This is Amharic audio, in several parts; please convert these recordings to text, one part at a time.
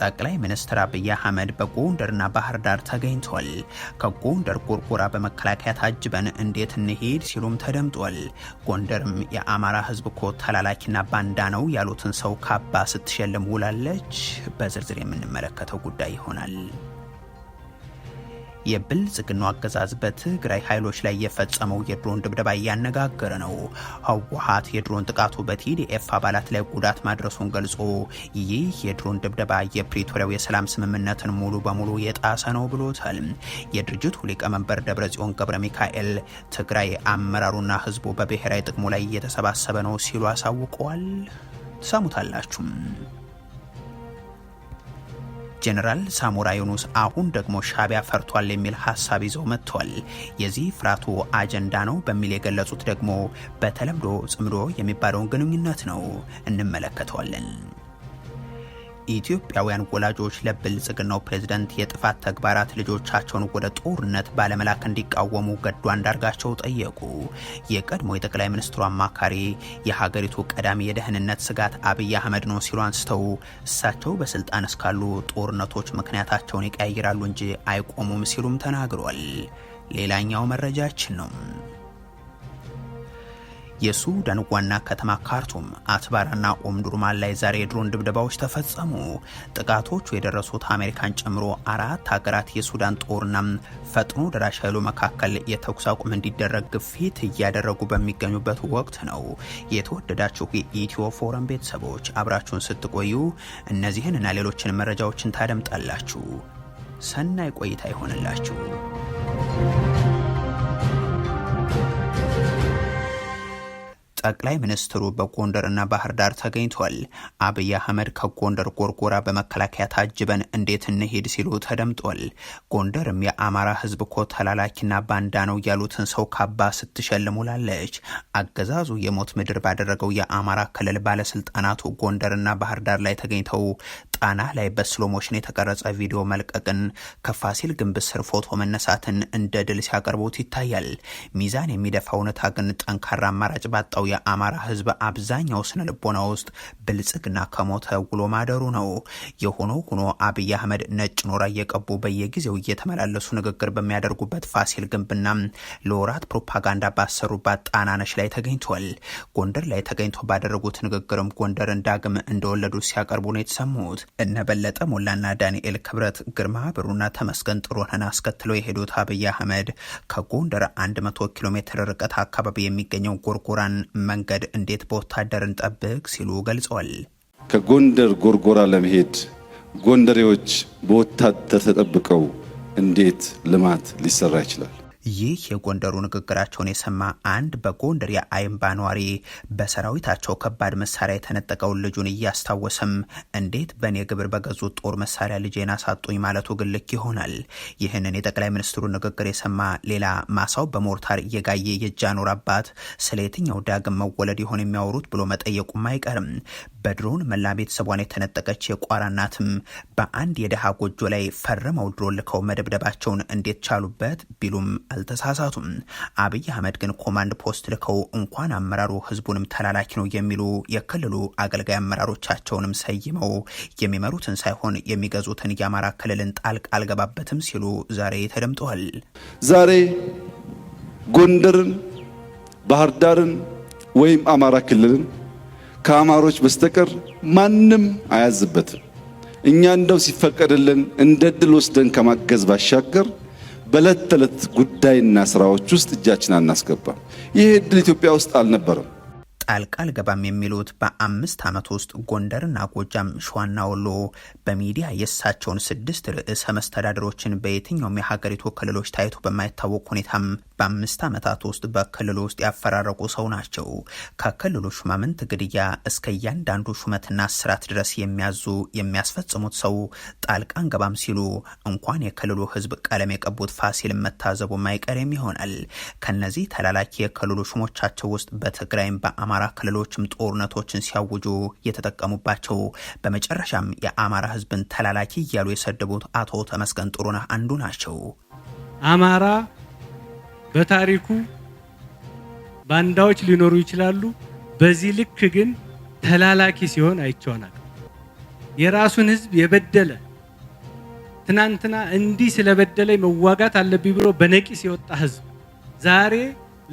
ጠቅላይ ሚኒስትር አብይ አህመድ በጎንደርና ባህር ዳር ተገኝቷል። ከጎንደር ጎርጎራ በመከላከያ ታጅበን እንዴት እንሄድ ሲሉም ተደምጧል። ጎንደርም የአማራ ህዝብ እኮ ተላላኪና ባንዳ ነው ያሉትን ሰው ካባ ስትሸልም ውላለች። በዝርዝር የምንመለከተው ጉዳይ ይሆናል። የብልጽግናው አገዛዝ በትግራይ ኃይሎች ላይ የፈጸመው የድሮን ድብደባ እያነጋገረ ነው። ህወሓት የድሮን ጥቃቱ በቲዲኤፍ አባላት ላይ ጉዳት ማድረሱን ገልጾ ይህ የድሮን ድብደባ የፕሪቶሪያው የሰላም ስምምነትን ሙሉ በሙሉ የጣሰ ነው ብሎታል። የድርጅቱ ሊቀመንበር ደብረጽዮን ገብረ ሚካኤል ትግራይ አመራሩና ህዝቡ በብሔራዊ ጥቅሙ ላይ እየተሰባሰበ ነው ሲሉ አሳውቀዋል። ትሰሙታላችሁም። ጀነራል ሳሞራ ዩኑስ አሁን ደግሞ ሻቢያ ፈርቷል የሚል ሀሳብ ይዘው መጥቷል። የዚህ ፍራቱ አጀንዳ ነው በሚል የገለጹት ደግሞ በተለምዶ ጽምዶ የሚባለውን ግንኙነት ነው። እንመለከተዋለን። ኢትዮጵያውያን ወላጆች ለብልጽግናው ፕሬዝደንት የጥፋት ተግባራት ልጆቻቸውን ወደ ጦርነት ባለመላክ እንዲቃወሙ ገዱ አንዳርጋቸው ጠየቁ። የቀድሞ የጠቅላይ ሚኒስትሩ አማካሪ የሀገሪቱ ቀዳሚ የደህንነት ስጋት አብይ አህመድ ነው ሲሉ አንስተው እሳቸው በስልጣን እስካሉ ጦርነቶች ምክንያታቸውን ይቀያይራሉ እንጂ አይቆሙም ሲሉም ተናግሯል። ሌላኛው መረጃችን ነው። የሱዳን ዋና ከተማ ካርቱም አትባራና ኦምዱርማን ላይ ዛሬ የድሮን ድብደባዎች ተፈጸሙ። ጥቃቶቹ የደረሱት አሜሪካን ጨምሮ አራት ሀገራት የሱዳን ጦርና ፈጥኖ ደራሽ ኃይሉ መካከል የተኩስ አቁም እንዲደረግ ግፊት እያደረጉ በሚገኙበት ወቅት ነው። የተወደዳችሁ የኢትዮ ፎረም ቤተሰቦች አብራችሁን ስትቆዩ እነዚህን እና ሌሎችን መረጃዎችን ታደምጣላችሁ። ሰናይ ቆይታ ይሆንላችሁ። ጠቅላይ ሚኒስትሩ በጎንደርና ባህር ዳር ተገኝቷል። አብይ አህመድ ከጎንደር ጎርጎራ በመከላከያ ታጅበን እንዴት እንሄድ ሲሉ ተደምጧል። ጎንደርም የአማራ ህዝብ እኮ ተላላኪና ባንዳ ነው ያሉትን ሰው ካባ ስትሸልም ውላለች። አገዛዙ የሞት ምድር ባደረገው የአማራ ክልል ባለስልጣናቱ ጎንደርና ባህር ዳር ላይ ተገኝተው ጣና ላይ በስሎሞሽን የተቀረጸ ቪዲዮ መልቀቅን ከፋሲል ግንብ ስር ፎቶ መነሳትን እንደ ድል ሲያቀርቡት ይታያል። ሚዛን የሚደፋ እውነታ ግን ጠንካራ አማራጭ ባጣው የአማራ ህዝብ አብዛኛው ስነ ልቦና ውስጥ ብልጽግና ከሞተ ውሎ ማደሩ ነው። የሆኖ ሆኖ አብይ አህመድ ነጭ ኖራ እየቀቡ በየጊዜው እየተመላለሱ ንግግር በሚያደርጉበት ፋሲል ግንብና ለወራት ፕሮፓጋንዳ ባሰሩባት ጣናነሽ ላይ ተገኝቷል። ጎንደር ላይ ተገኝቶ ባደረጉት ንግግርም ጎንደርን ዳግም እንደወለዱ ሲያቀርቡ ነው የተሰሙት። እነበለጠ ሞላና ዳንኤል ክብረት፣ ግርማ ብሩና ተመስገን ጥሩነህን አስከትለው የሄዱት አብይ አህመድ ከጎንደር 100 ኪሎ ሜትር ርቀት አካባቢ የሚገኘው ጎርጎራን መንገድ እንዴት በወታደር እንጠብቅ ሲሉ ገልጸዋል። ከጎንደር ጎርጎራ ለመሄድ ጎንደሬዎች በወታደር ተጠብቀው እንዴት ልማት ሊሰራ ይችላል? ይህ የጎንደሩ ንግግራቸውን የሰማ አንድ በጎንደር የአይምባ ነዋሪ በሰራዊታቸው ከባድ መሳሪያ የተነጠቀውን ልጁን እያስታወሰም እንዴት በእኔ ግብር በገዙት ጦር መሳሪያ ልጄን አሳጡኝ ማለቱ ግልክ ይሆናል? ይህንን የጠቅላይ ሚኒስትሩ ንግግር የሰማ ሌላ ማሳው በሞርታር እየጋየ የጃኖር አባት ስለ የትኛው ዳግም መወለድ ይሆን የሚያወሩት ብሎ መጠየቁም አይቀርም። በድሮን መላ ቤተሰቧን የተነጠቀች የቋራ እናትም በአንድ የድሃ ጎጆ ላይ ፈርመው ድሮ ልከው መደብደባቸውን እንዴት ቻሉበት ቢሉም አልተሳሳቱም። አብይ አህመድ ግን ኮማንድ ፖስት ልከው እንኳን አመራሩ ህዝቡንም ተላላኪ ነው የሚሉ የክልሉ አገልጋይ አመራሮቻቸውንም ሰይመው የሚመሩትን ሳይሆን የሚገዙትን የአማራ ክልልን ጣልቃ አልገባበትም ሲሉ ዛሬ ተደምጠዋል። ዛሬ ጎንደርን፣ ባህር ዳርን ወይም አማራ ክልልን ከአማሮች በስተቀር ማንም አያዝበትም። እኛ እንደው ሲፈቀድልን እንደ ድል ወስደን ከማገዝ ባሻገር በእለት ተዕለት ጉዳይና ስራዎች ውስጥ እጃችን አናስገባም። ይህ እድል ኢትዮጵያ ውስጥ አልነበረም። ጣልቃ አልገባም የሚሉት በአምስት ዓመት ውስጥ ጎንደርና ጎጃም፣ ሸዋና ወሎ በሚዲያ የእሳቸውን ስድስት ርዕሰ መስተዳድሮችን በየትኛውም የሀገሪቱ ክልሎች ታይቶ በማይታወቅ ሁኔታም በአምስት ዓመታት ውስጥ በክልሉ ውስጥ ያፈራረቁ ሰው ናቸው። ከክልሉ ሹማምንት ግድያ እስከ እያንዳንዱ ሹመትና ስራት ድረስ የሚያዙ የሚያስፈጽሙት ሰው ጣልቃን ገባም ሲሉ እንኳን የክልሉ ህዝብ ቀለም የቀቡት ፋሲልን መታዘቡ ማይቀርም ይሆናል። ከነዚህ ተላላኪ የክልሉ ሹሞቻቸው ውስጥ በትግራይም በአማራ ክልሎችም ጦርነቶችን ሲያውጁ የተጠቀሙባቸው፣ በመጨረሻም የአማራ ህዝብን ተላላኪ እያሉ የሰደቡት አቶ ተመስገን ጥሩነህ አንዱ ናቸው። አማራ በታሪኩ ባንዳዎች ሊኖሩ ይችላሉ። በዚህ ልክ ግን ተላላኪ ሲሆን አይቸዋናል። የራሱን ህዝብ የበደለ ትናንትና እንዲህ ስለበደለ መዋጋት አለብኝ ብሎ በነቂስ የወጣ ህዝብ ዛሬ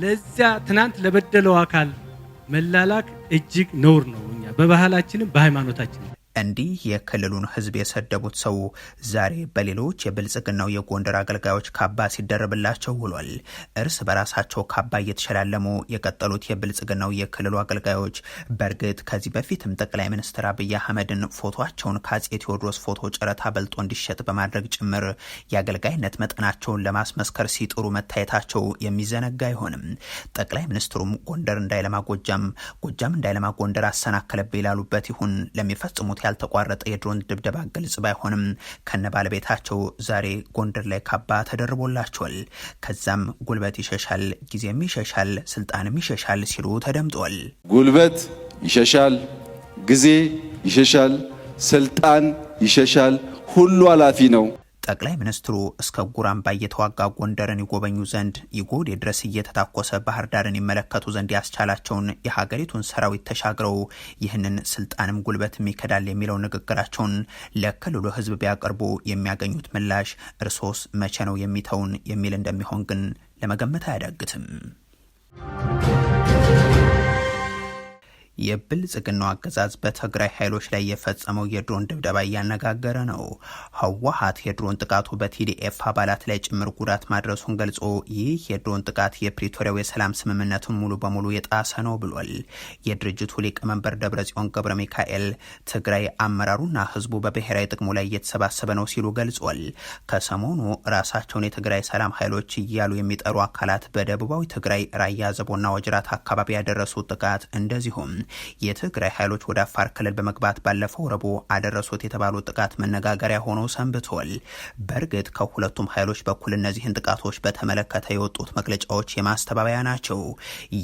ለዚያ ትናንት ለበደለው አካል መላላክ እጅግ ነውር ነው። እኛ በባህላችንም በሃይማኖታችን እንዲህ የክልሉን ህዝብ የሰደቡት ሰው ዛሬ በሌሎች የብልጽግናው የጎንደር አገልጋዮች ካባ ሲደረብላቸው ውሏል። እርስ በራሳቸው ካባ እየተሸላለሙ የቀጠሉት የብልጽግናው የክልሉ አገልጋዮች በእርግጥ ከዚህ በፊትም ጠቅላይ ሚኒስትር አብይ አህመድን ፎቶቸውን ከአጼ ቴዎድሮስ ፎቶ ጨረታ በልጦ እንዲሸጥ በማድረግ ጭምር የአገልጋይነት መጠናቸውን ለማስመስከር ሲጥሩ መታየታቸው የሚዘነጋ አይሆንም። ጠቅላይ ሚኒስትሩም ጎንደር እንዳይለማ ጎጃም፣ ጎጃም እንዳይለማ ጎንደር አሰናከለብ ይላሉበት ይሁን ለሚፈጽሙት ያልተቋረጠ የድሮን ድብደባ ግልጽ ባይሆንም ከነ ባለቤታቸው ዛሬ ጎንደር ላይ ካባ ተደርቦላቸዋል። ከዛም ጉልበት ይሸሻል፣ ጊዜም ይሸሻል፣ ስልጣንም ይሸሻል ሲሉ ተደምጧል። ጉልበት ይሸሻል፣ ጊዜ ይሸሻል፣ ስልጣን ይሸሻል፣ ሁሉ አላፊ ነው። ጠቅላይ ሚኒስትሩ እስከ ጉራምባ እየተዋጋ ጎንደርን ይጎበኙ ዘንድ ይጎዴ ድረስ እየተታኮሰ ባህር ዳርን ይመለከቱ ዘንድ ያስቻላቸውን የሀገሪቱን ሰራዊት ተሻግረው ይህንን ስልጣንም ጉልበትም ይከዳል የሚለው ንግግራቸውን ለክልሉ ሕዝብ ቢያቀርቡ የሚያገኙት ምላሽ እርሶስ መቼ ነው የሚተውን የሚል እንደሚሆን ግን ለመገመት አያዳግትም። የብልጽግናው አገዛዝ በትግራይ ኃይሎች ላይ የፈጸመው የድሮን ድብደባ እያነጋገረ ነው። ህወሓት የድሮን ጥቃቱ በቲዲኤፍ አባላት ላይ ጭምር ጉዳት ማድረሱን ገልጾ ይህ የድሮን ጥቃት የፕሪቶሪያው የሰላም ስምምነትን ሙሉ በሙሉ የጣሰ ነው ብሏል። የድርጅቱ ሊቀመንበር ደብረጽዮን ገብረ ሚካኤል ትግራይ አመራሩና ህዝቡ በብሔራዊ ጥቅሙ ላይ እየተሰባሰበ ነው ሲሉ ገልጿል። ከሰሞኑ ራሳቸውን የትግራይ ሰላም ኃይሎች እያሉ የሚጠሩ አካላት በደቡባዊ ትግራይ ራያ ዘቦና ወጅራት አካባቢ ያደረሱት ጥቃት እንደዚሁም የትግራይ ኃይሎች ወደ አፋር ክልል በመግባት ባለፈው ረቡዕ አደረሱት የተባሉ ጥቃት መነጋገሪያ ሆነው ሰንብተል። በእርግጥ ከሁለቱም ኃይሎች በኩል እነዚህን ጥቃቶች በተመለከተ የወጡት መግለጫዎች የማስተባበያ ናቸው።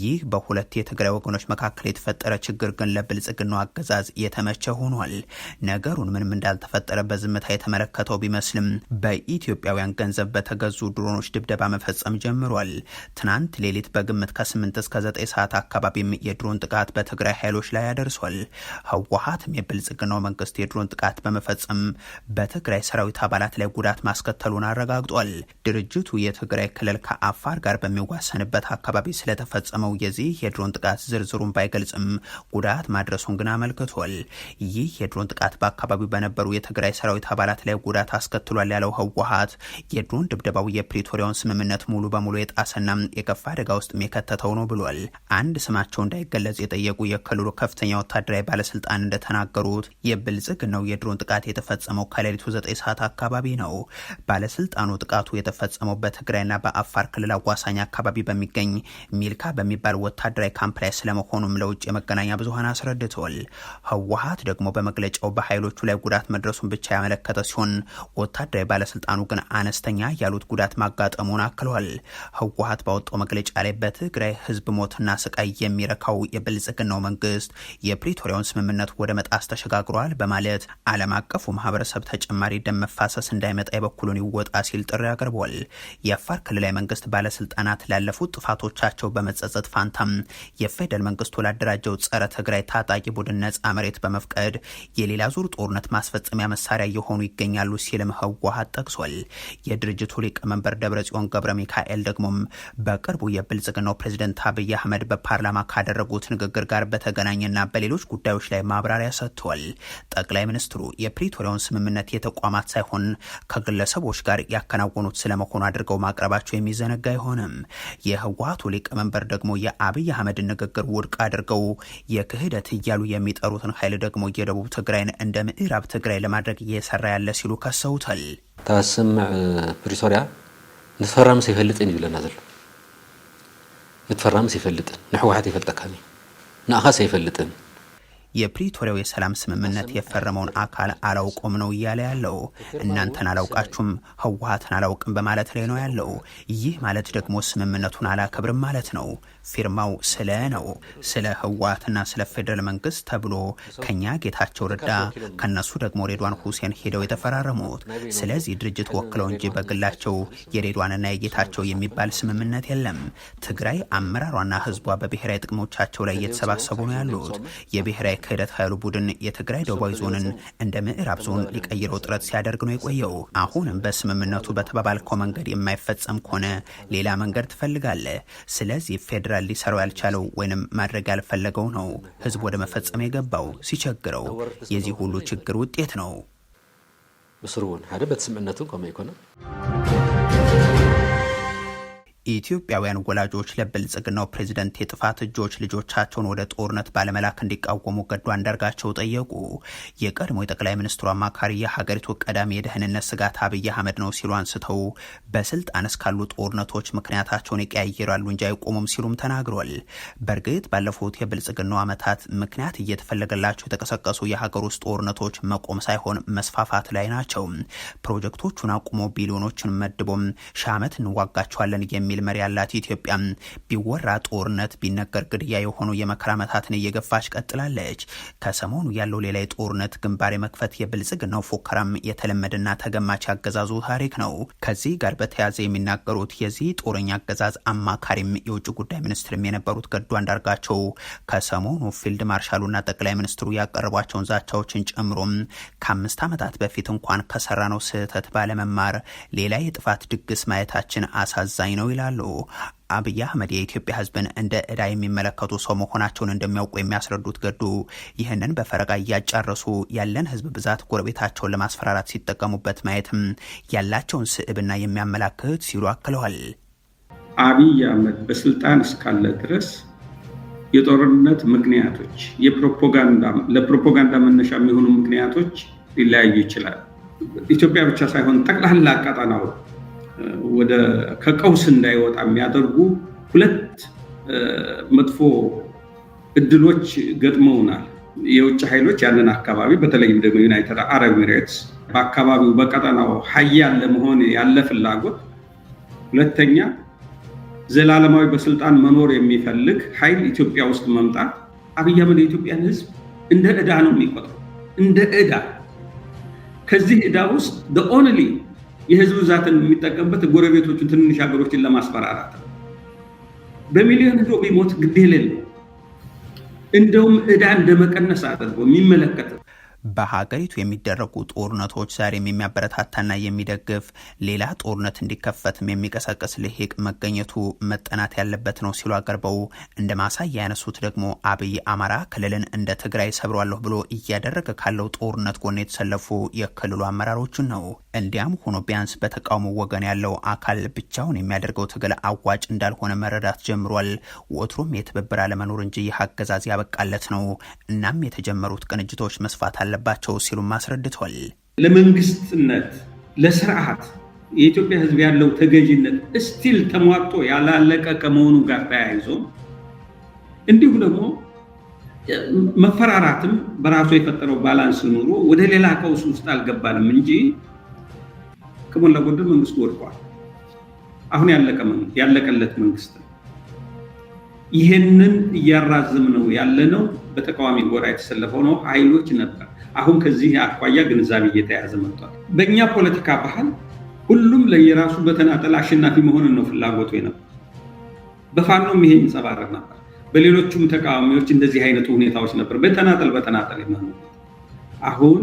ይህ በሁለት የትግራይ ወገኖች መካከል የተፈጠረ ችግር ግን ለብልጽግናው አገዛዝ የተመቸ ሆኗል። ነገሩን ምንም እንዳልተፈጠረ በዝምታ የተመለከተው ቢመስልም በኢትዮጵያውያን ገንዘብ በተገዙ ድሮኖች ድብደባ መፈጸም ጀምሯል። ትናንት ሌሊት በግምት ከ8 እስከ 9 ሰዓት አካባቢም የድሮን ጥቃት በትግራይ በትግራይ ኃይሎች ላይ ያደርሷል። ህወሀትም የብልጽግናው መንግስት የድሮን ጥቃት በመፈጸም በትግራይ ሰራዊት አባላት ላይ ጉዳት ማስከተሉን አረጋግጧል። ድርጅቱ የትግራይ ክልል ከአፋር ጋር በሚዋሰንበት አካባቢ ስለተፈጸመው የዚህ የድሮን ጥቃት ዝርዝሩን ባይገልጽም ጉዳት ማድረሱን ግን አመልክቷል። ይህ የድሮን ጥቃት በአካባቢው በነበሩ የትግራይ ሰራዊት አባላት ላይ ጉዳት አስከትሏል ያለው ህወሀት የድሮን ድብደባው የፕሪቶሪያውን ስምምነት ሙሉ በሙሉ የጣሰና የከፋ አደጋ ውስጥ የከተተው ነው ብሏል። አንድ ስማቸው እንዳይገለጽ የጠየቁ የክልሉ ከፍተኛ ወታደራዊ ባለስልጣን እንደተናገሩት የብልጽግናው የድሮን ጥቃት የተፈጸመው ከሌሊቱ ዘጠኝ ሰዓት አካባቢ ነው። ባለስልጣኑ ጥቃቱ የተፈጸመው በትግራይና በአፋር ክልል አዋሳኝ አካባቢ በሚገኝ ሚልካ በሚባል ወታደራዊ ካምፕ ላይ ስለመሆኑም ለውጭ የመገናኛ ብዙሃን አስረድተል። ህወሀት ደግሞ በመግለጫው በኃይሎቹ ላይ ጉዳት መድረሱን ብቻ ያመለከተ ሲሆን ወታደራዊ ባለስልጣኑ ግን አነስተኛ ያሉት ጉዳት ማጋጠሙን አክሏል ህወሀት ባወጣው መግለጫ ላይ በትግራይ ህዝብ ሞትና ስቃይ የሚረካው የብልጽግናው መንግስት የፕሪቶሪያውን ስምምነት ወደ መጣስ ተሸጋግሯል በማለት ዓለም አቀፉ ማህበረሰብ ተጨማሪ ደም መፋሰስ እንዳይመጣ የበኩሉን ይወጣ ሲል ጥሪ አቅርቧል። የአፋር ክልላዊ መንግስት ባለስልጣናት ላለፉት ጥፋቶቻቸው በመጸጸት ፋንታም የፌደራል መንግስቱ ላደራጀው ጸረ ትግራይ ታጣቂ ቡድን ነጻ መሬት በመፍቀድ የሌላ ዙር ጦርነት ማስፈጸሚያ መሳሪያ የሆኑ ይገኛሉ ሲልም ህወሓት ጠቅሷል። የድርጅቱ ሊቀመንበር ደብረጽዮን ገብረ ሚካኤል ደግሞም በቅርቡ የብልጽግናው ፕሬዚደንት አብይ አህመድ በፓርላማ ካደረጉት ንግግር ጋር በ በተገናኘና በሌሎች ጉዳዮች ላይ ማብራሪያ ሰጥቷል። ጠቅላይ ሚኒስትሩ የፕሪቶሪያውን ስምምነት የተቋማት ሳይሆን ከግለሰቦች ጋር ያከናወኑት ስለመሆኑ አድርገው ማቅረባቸው የሚዘነጋ አይሆንም። የህወሀቱ ሊቀመንበር ደግሞ የአብይ አህመድን ንግግር ውድቅ አድርገው የክህደት እያሉ የሚጠሩትን ኃይል ደግሞ የደቡብ ትግራይን እንደ ምዕራብ ትግራይ ለማድረግ እየሰራ ያለ ሲሉ ከሰውታል። ተስምዕ ፕሪቶሪያ ንትፈራምስ ይፈልጥን ይብለና ዘሎ ንትፈራምስ ይፈልጥን ንሕወሓት ይፈልጠካኒ ንኣኻ ሰይፈልጥን የፕሪቶሪያው የሰላም ስምምነት የፈረመውን አካል አላውቆም ነው እያለ ያለው እናንተን አላውቃችሁም ህወሀትን አላውቅም በማለት ላይ ነው ያለው። ይህ ማለት ደግሞ ስምምነቱን አላከብርም ማለት ነው። ፊርማው ስለ ነው ስለ ህወሀትና ስለ ፌዴራል መንግስት ተብሎ ከኛ ጌታቸው ረዳ ከነሱ ደግሞ ሬድዋን ሁሴን ሄደው የተፈራረሙት። ስለዚህ ድርጅት ወክለው እንጂ በግላቸው የሬድዋንና የጌታቸው የሚባል ስምምነት የለም። ትግራይ አመራሯና ህዝቧ በብሔራዊ ጥቅሞቻቸው ላይ እየተሰባሰቡ ነው ያሉት የብሔራዊ የክህደት ኃይሉ ቡድን የትግራይ ደቡባዊ ዞንን እንደ ምዕራብ ዞን ሊቀይረው ጥረት ሲያደርግ ነው የቆየው። አሁንም በስምምነቱ በተባባልከው መንገድ የማይፈጸም ከሆነ ሌላ መንገድ ትፈልጋለ። ስለዚህ ፌዴራል ሊሰራው ያልቻለው ወይንም ማድረግ ያልፈለገው ነው ህዝብ ወደ መፈጸም የገባው ሲቸግረው። የዚህ ሁሉ ችግር ውጤት ነው። ብስሩውን ሓደ በቲ ስምዕነቱን ይኮነ የኢትዮጵያውያን ወላጆች ለብልጽግናው ፕሬዚደንት የጥፋት እጆች ልጆቻቸውን ወደ ጦርነት ባለመላክ እንዲቃወሙ ገዱ አንዳርጋቸው ጠየቁ። የቀድሞ የጠቅላይ ሚኒስትሩ አማካሪ የሀገሪቱ ቀዳሚ የደህንነት ስጋት አብይ አህመድ ነው ሲሉ አንስተው በስልጣን እስካሉ ጦርነቶች ምክንያታቸውን ይቀያየራሉ እንጂ አይቆሙም ሲሉም ተናግሯል። በእርግጥ ባለፉት የብልጽግናው ዓመታት ምክንያት እየተፈለገላቸው የተቀሰቀሱ የሀገር ውስጥ ጦርነቶች መቆም ሳይሆን መስፋፋት ላይ ናቸው። ፕሮጀክቶቹን አቁሞ ቢሊዮኖችን መድቦም ሺህ ዓመት እንዋጋቸዋለን የሚ የሚል መሪ ያላት ኢትዮጵያ ቢወራ ጦርነት ቢነገር ግድያ የሆኑ የመከራ ዓመታትን እየገፋች ቀጥላለች። ከሰሞኑ ያለው ሌላ የጦርነት ግንባር የመክፈት የብልጽግናው ፎከራም የተለመደና ተገማች አገዛዙ ታሪክ ነው። ከዚህ ጋር በተያያዘ የሚናገሩት የዚህ ጦረኛ አገዛዝ አማካሪም የውጭ ጉዳይ ሚኒስትርም የነበሩት ገዱ አንዳርጋቸው ከሰሞኑ ፊልድ ማርሻሉና ጠቅላይ ሚኒስትሩ ያቀረቧቸውን ዛቻዎችን ጨምሮም ከአምስት ዓመታት በፊት እንኳን ከሰራነው ስህተት ባለመማር ሌላ የጥፋት ድግስ ማየታችን አሳዛኝ ነው ይላል ይላሉ። አብይ አህመድ የኢትዮጵያ ህዝብን እንደ እዳ የሚመለከቱ ሰው መሆናቸውን እንደሚያውቁ የሚያስረዱት ገዱ ይህንን በፈረቃ እያጫረሱ ያለን ህዝብ ብዛት ጎረቤታቸውን ለማስፈራራት ሲጠቀሙበት ማየትም ያላቸውን ስዕብና የሚያመላክት ሲሉ አክለዋል። አብይ አህመድ በስልጣን እስካለ ድረስ የጦርነት ምክንያቶች ለፕሮፓጋንዳ መነሻ የሚሆኑ ምክንያቶች ሊለያዩ ይችላል። ኢትዮጵያ ብቻ ሳይሆን ጠቅላላ ቀጠናው ወደ ከቀውስ እንዳይወጣ የሚያደርጉ ሁለት መጥፎ እድሎች ገጥመውናል። የውጭ ኃይሎች ያንን አካባቢ በተለይም ደግሞ ዩናይትድ አረብ ኤሚሬትስ በአካባቢው በቀጠናው ሀያል ለመሆን ያለ ፍላጎት፣ ሁለተኛ ዘላለማዊ በስልጣን መኖር የሚፈልግ ኃይል ኢትዮጵያ ውስጥ መምጣት አብይ አህመድ የኢትዮጵያን ሕዝብ እንደ እዳ ነው የሚቆጥረው እንደ እዳ ከዚህ እዳ ውስጥ ኦንሊ የህዝብ ብዛትን የሚጠቀምበት ጎረቤቶችን ትንንሽ ሀገሮችን ለማስፈራራት ነው። በሚሊዮን ህዝብ ቢሞት ግዴ የሌለው እንደውም እዳ እንደመቀነስ አድርጎ የሚመለከት በሀገሪቱ የሚደረጉ ጦርነቶች ዛሬም የሚያበረታታና የሚደግፍ ሌላ ጦርነት እንዲከፈትም የሚቀሰቅስ ልሂቅ መገኘቱ መጠናት ያለበት ነው ሲሉ አቅርበው እንደ ማሳያ ያነሱት ደግሞ አብይ አማራ ክልልን እንደ ትግራይ ሰብሯለሁ ብሎ እያደረገ ካለው ጦርነት ጎን የተሰለፉ የክልሉ አመራሮችን ነው። እንዲያም ሆኖ ቢያንስ በተቃውሞ ወገን ያለው አካል ብቻውን የሚያደርገው ትግል አዋጭ እንዳልሆነ መረዳት ጀምሯል። ወትሮም የትብብር አለመኖር እንጂ ይህ አገዛዝ ያበቃለት ነው። እናም የተጀመሩት ቅንጅቶች መስፋት አለባቸው ሲሉም አስረድቷል። ለመንግስትነት፣ ለስርዓት የኢትዮጵያ ህዝብ ያለው ተገዥነት እስቲል ተሟጦ ያላለቀ ከመሆኑ ጋር ተያይዞ እንዲሁ ደግሞ መፈራራትም በራሱ የፈጠረው ባላንስ ኑሮ ወደ ሌላ ቀውስ ውስጥ አልገባንም እንጂ ከሞላ ጎደል መንግስቱ ወድቋል። አሁን ያለቀለት መንግስት ነው። ይህንን እያራዘም ነው ያለነው። በተቃዋሚ ጎራ የተሰለፈው ነው ኃይሎች ነበር። አሁን ከዚህ አኳያ ግንዛቤ እየተያዘ መጥቷል። በእኛ ፖለቲካ ባህል ሁሉም ለየራሱ በተናጠል አሸናፊ መሆንን ነው ፍላጎቱ የነበር። በፋኖም ይሄ ይንጸባረቅ ነበር። በሌሎቹም ተቃዋሚዎች እንደዚህ አይነቱ ሁኔታዎች ነበር። በተናጠል በተናጠል የመኑ አሁን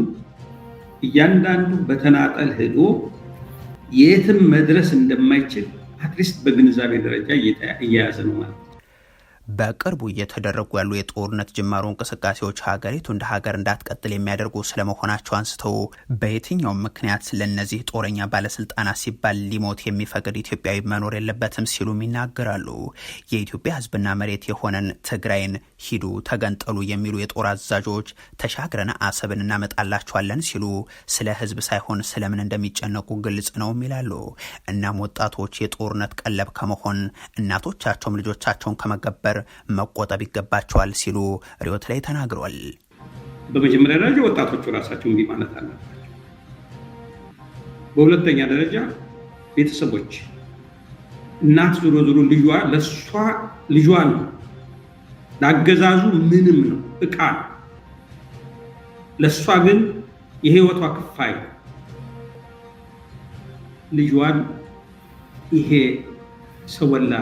እያንዳንዱ በተናጠል ሄዶ የትም መድረስ እንደማይችል አትሊስት በግንዛቤ ደረጃ እየያዘ ነው ማለት ነው። በቅርቡ እየተደረጉ ያሉ የጦርነት ጅማሮ እንቅስቃሴዎች ሀገሪቱ እንደ ሀገር እንዳትቀጥል የሚያደርጉ ስለመሆናቸው አንስተው በየትኛውም ምክንያት ለእነዚህ ጦረኛ ባለስልጣናት ሲባል ሊሞት የሚፈቅድ ኢትዮጵያዊ መኖር የለበትም ሲሉም ይናገራሉ። የኢትዮጵያ ሕዝብና መሬት የሆነን ትግራይን ሂዱ ተገንጠሉ የሚሉ የጦር አዛዦች ተሻግረን አሰብን እናመጣላቸዋለን ሲሉ ስለ ሕዝብ ሳይሆን ስለምን እንደሚጨነቁ ግልጽ ነውም ይላሉ። እናም ወጣቶች የጦርነት ቀለብ ከመሆን እናቶቻቸውም ልጆቻቸውን ከመገበር ከመጨመር መቆጠብ ይገባቸዋል ሲሉ ሪዮት ላይ ተናግሯል። በመጀመሪያ ደረጃ ወጣቶቹ ራሳቸው እንዲህ ማለት አለባቸው። በሁለተኛ ደረጃ ቤተሰቦች፣ እናት ዙሮ ዙሮ ልጇ ለእሷ ልጇ ነው። ለአገዛዙ ምንም ነው፣ እቃ ነው። ለእሷ ግን የህይወቷ ክፋይ ልጇን ይሄ ሰወላ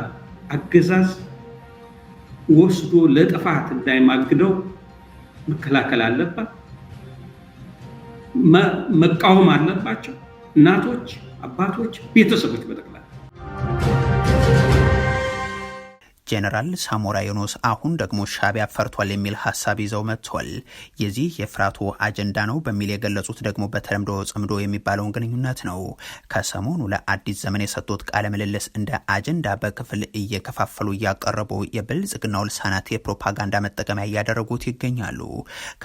አገዛዝ ወስዶ ለጥፋት እንዳይማግደው መከላከል አለባት። መቃወም አለባቸው እናቶች፣ አባቶች፣ ቤተሰቦች በጠቅላላ ጄኔራል ሳሞራ ዮኑስ አሁን ደግሞ ሻቢያ ፈርቷል የሚል ሀሳብ ይዘው መጥቷል። የዚህ የፍራቱ አጀንዳ ነው በሚል የገለጹት ደግሞ በተለምዶ ጽምዶ የሚባለውን ግንኙነት ነው። ከሰሞኑ ለአዲስ ዘመን የሰጡት ቃለ ምልልስ እንደ አጀንዳ በክፍል እየከፋፈሉ እያቀረቡ የብልጽግናው ልሳናት የፕሮፓጋንዳ መጠቀሚያ እያደረጉት ይገኛሉ።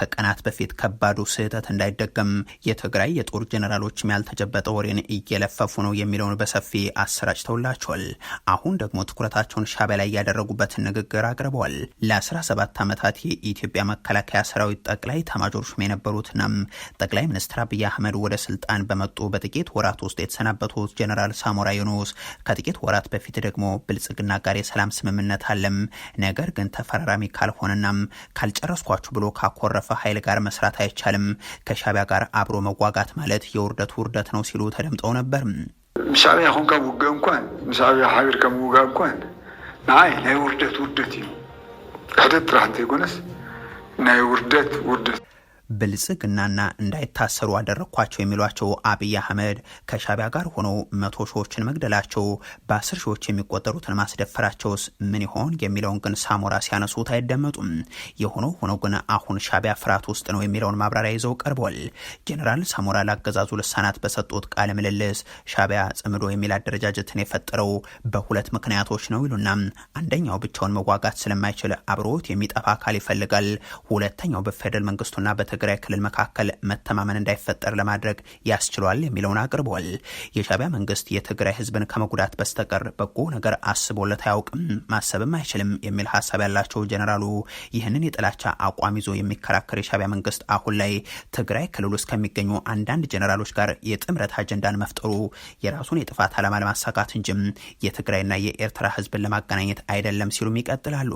ከቀናት በፊት ከባዱ ስህተት እንዳይደገም የትግራይ የጦር ጄኔራሎችም ያልተጨበጠ ወሬን እየለፈፉ ነው የሚለውን በሰፊ አሰራጭተውላቸዋል። አሁን ደግሞ ትኩረታቸውን ሻቢያ ላይ ያደረጉበት ንግግር አቅርበዋል። ለ17 ዓመታት የኢትዮጵያ መከላከያ ሰራዊት ጠቅላይ ኤታማዦር ሹም የነበሩትና ጠቅላይ ሚኒስትር አብይ አህመድ ወደ ስልጣን በመጡ በጥቂት ወራት ውስጥ የተሰናበቱት ጀነራል ሳሞራ ዩኑስ ከጥቂት ወራት በፊት ደግሞ ብልጽግና ጋር የሰላም ስምምነት አለም፣ ነገር ግን ተፈራራሚ ካልሆነና ካልጨረስኳችሁ ብሎ ካኮረፈ ኃይል ጋር መስራት አይቻልም፣ ከሻቢያ ጋር አብሮ መዋጋት ማለት የውርደቱ ውርደት ነው ሲሉ ተደምጠው ነበር። ሻቢያ አሁን ከውጋ እንኳን ሻቢያ ሀቢር ከምውጋ እንኳን ናይ ናይ ውርደት ውርደት እዩ ጥራሕ እንተይኮነስ ናይ ውርደት ውርደት ብልጽግናና እንዳይታሰሩ አደረግኳቸው የሚሏቸው አብይ አህመድ ከሻቢያ ጋር ሆነው መቶ ሺዎችን መግደላቸው በአስር ሺዎች የሚቆጠሩትን ማስደፈራቸውስ ምን ይሆን የሚለውን ግን ሳሞራ ሲያነሱት አይደመጡም። የሆነው ሆኖ ግን አሁን ሻቢያ ፍርሃት ውስጥ ነው የሚለውን ማብራሪያ ይዘው ቀርቧል። ጄኔራል ሳሞራ ለአገዛዙ ልሳናት በሰጡት ቃለ ምልልስ ሻቢያ ጽምዶ የሚል አደረጃጀትን የፈጠረው በሁለት ምክንያቶች ነው ይሉና አንደኛው ብቻውን መዋጋት ስለማይችል አብሮት የሚጠፋ አካል ይፈልጋል። ሁለተኛው በፌደራል መንግስቱና በተ በትግራይ ክልል መካከል መተማመን እንዳይፈጠር ለማድረግ ያስችሏል የሚለውን አቅርቧል። የሻቢያ መንግስት የትግራይ ህዝብን ከመጉዳት በስተቀር በጎ ነገር አስቦለት አያውቅም፣ ማሰብም አይችልም የሚል ሀሳብ ያላቸው ጀኔራሉ ይህንን የጥላቻ አቋም ይዞ የሚከራከር የሻቢያ መንግስት አሁን ላይ ትግራይ ክልል ውስጥ ከሚገኙ አንዳንድ ጀኔራሎች ጋር የጥምረት አጀንዳን መፍጠሩ የራሱን የጥፋት ዓላማ ለማሳካት እንጂም የትግራይና የኤርትራ ህዝብን ለማገናኘት አይደለም ሲሉም ይቀጥላሉ።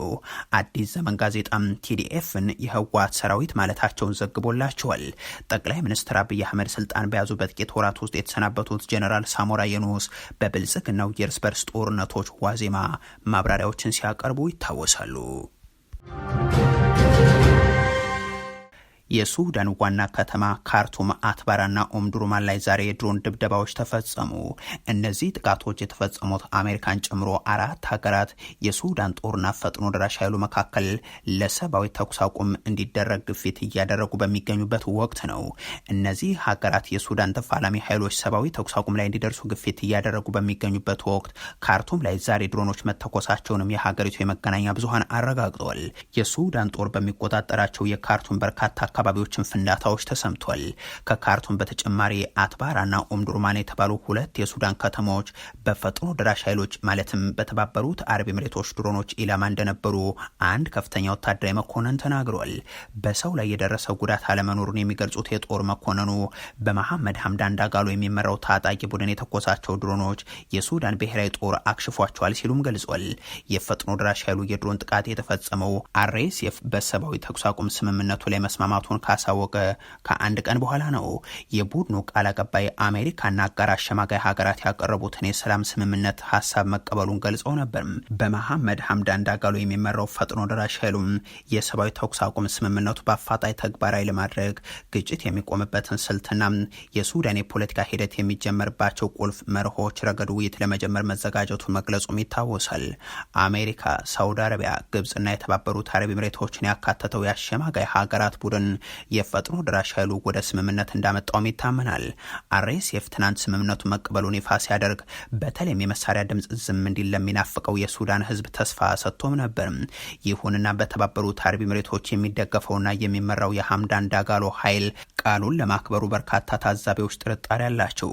አዲስ ዘመን ጋዜጣም ቲዲኤፍን የህወሓት ሰራዊት ማለታቸውን ዘግ ተዘግቦላቸዋል። ጠቅላይ ሚኒስትር አብይ አህመድ ስልጣን በያዙ በጥቂት ወራት ውስጥ የተሰናበቱት ጀኔራል ሳሞራ የኑስ በብልጽግናው የእርስ በርስ ጦርነቶች ዋዜማ ማብራሪያዎችን ሲያቀርቡ ይታወሳሉ። የሱዳን ዋና ከተማ ካርቱም አትባራና ኦምዱርማን ላይ ዛሬ የድሮን ድብደባዎች ተፈጸሙ። እነዚህ ጥቃቶች የተፈጸሙት አሜሪካን ጨምሮ አራት ሀገራት የሱዳን ጦርና ፈጥኖ ደራሽ ኃይሉ መካከል ለሰብአዊ ተኩስ አቁም እንዲደረግ ግፊት እያደረጉ በሚገኙበት ወቅት ነው። እነዚህ ሀገራት የሱዳን ተፋላሚ ኃይሎች ሰብአዊ ተኩስ አቁም ላይ እንዲደርሱ ግፊት እያደረጉ በሚገኙበት ወቅት ካርቱም ላይ ዛሬ ድሮኖች መተኮሳቸውንም የሀገሪቱ የመገናኛ ብዙሀን አረጋግጠዋል። የሱዳን ጦር በሚቆጣጠራቸው የካርቱም በርካታ አካባቢዎችን ፍንዳታዎች ተሰምቷል። ከካርቱም በተጨማሪ አትባራና ኦምዱርማን የተባሉ ሁለት የሱዳን ከተሞች በፈጥኖ ደራሽ ኃይሎች ማለትም በተባበሩት አረብ ኤሚሬቶች ድሮኖች ኢላማ እንደነበሩ አንድ ከፍተኛ ወታደራዊ መኮንን ተናግሯል። በሰው ላይ የደረሰ ጉዳት አለመኖሩን የሚገልጹት የጦር መኮንኑ በመሐመድ ሀምዳን ዳጋሎ የሚመራው ታጣቂ ቡድን የተኮሳቸው ድሮኖች የሱዳን ብሔራዊ ጦር አክሽፏቸዋል ሲሉም ገልጿል። የፈጥኖ ደራሽ ኃይሉ የድሮን ጥቃት የተፈጸመው አርኤስኤፍ በሰብአዊ ተኩስ አቁም ስምምነቱ ላይ መስማማቱ መቀናቱን ካሳወቀ ከአንድ ቀን በኋላ ነው የቡድኑ ቃል አቀባይ አሜሪካና አጋር አሸማጋይ ሀገራት ያቀረቡትን የሰላም ስምምነት ሀሳብ መቀበሉን ገልጸው ነበር። በመሐመድ ሀምዳን ዳጋሎ የሚመራው ፈጥኖ ደራሽ ኃይሉም የሰብአዊ ተኩስ አቁም ስምምነቱ በአፋጣኝ ተግባራዊ ለማድረግ ግጭት የሚቆምበትን ስልትና የሱዳን የፖለቲካ ሂደት የሚጀመርባቸው ቁልፍ መርሆች ረገድ ውይይት ለመጀመር መዘጋጀቱን መግለጹም ይታወሳል። አሜሪካ፣ ሳውዲ አረቢያ፣ ግብፅና የተባበሩት አረብ ኤምሬቶችን ያካተተው የአሸማጋይ ሀገራት ቡድን የፈጥኖ ድራሽ ኃይሉ ወደ ስምምነት እንዳመጣውም ይታመናል። አርኤስኤፍ ትናንት ስምምነቱ መቀበሉን ይፋ ሲያደርግ በተለይም የመሳሪያ ድምፅ ዝም እንዲል ለሚናፍቀው የሱዳን ህዝብ ተስፋ ሰጥቶም ነበር። ይሁንና በተባበሩት አረብ ኤሚሬቶች የሚደገፈውና የሚመራው የሐምዳን ዳጋሎ ኃይል ቃሉን ለማክበሩ በርካታ ታዛቢዎች ጥርጣሬ አላቸው።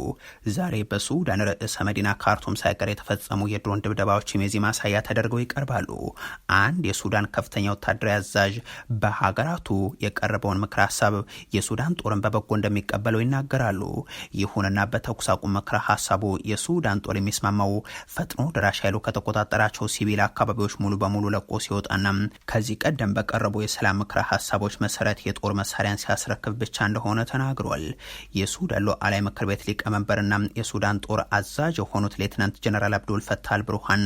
ዛሬ በሱዳን ርዕሰ መዲና ካርቱም ሳይቀር የተፈጸሙ የድሮን ድብደባዎች የዚህ ማሳያ ተደርገው ይቀርባሉ። አንድ የሱዳን ከፍተኛ ወታደራዊ አዛዥ በሀገራቱ የቀረበውን ምክረ ሀሳብ የሱዳን ጦርን በበጎ እንደሚቀበለው ይናገራሉ። ይሁንና በተኩስ አቁም ምክረ ሀሳቡ የሱዳን ጦር የሚስማማው ፈጥኖ ደራሽ ኃይሉ ከተቆጣጠራቸው ሲቪል አካባቢዎች ሙሉ በሙሉ ለቆ ሲወጣና ከዚህ ቀደም በቀረቡ የሰላም ምክረ ሀሳቦች መሰረት የጦር መሳሪያን ሲያስረክብ ብቻ እንደ እንደሆነ ተናግሯል። የሱዳን ሉዓላዊ ምክር ቤት ሊቀመንበርና የሱዳን ጦር አዛዥ የሆኑት ሌትናንት ጀነራል አብዱል ፈታል ብሩሃን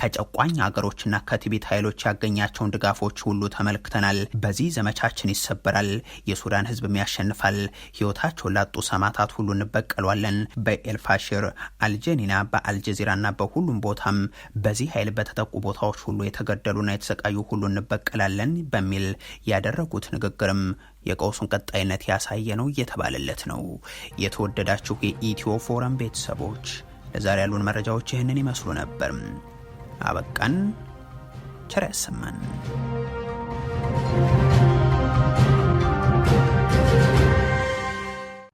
ከጨቋኝ አገሮችና ከትቢት ኃይሎች ያገኛቸውን ድጋፎች ሁሉ ተመልክተናል። በዚህ ዘመቻችን ይሰበራል፣ የሱዳን ህዝብም ያሸንፋል፣ ህይወታቸውን ላጡ ሰማዕታት ሁሉ እንበቀሏለን። በኤልፋሽር አልጀኒና፣ በአልጀዚራና በሁሉም ቦታም በዚህ ኃይል በተጠቁ ቦታዎች ሁሉ የተገደሉና የተሰቃዩ ሁሉ እንበቀላለን በሚል ያደረጉት ንግግርም የቀውሱን ቀጣይነት ያሳየ ነው እየተባለለት ነው። የተወደዳችሁ የኢትዮ ፎረም ቤተሰቦች ለዛሬ ያሉን መረጃዎች ይህንን ይመስሉ ነበር። አበቃን። ቸር ያሰማን።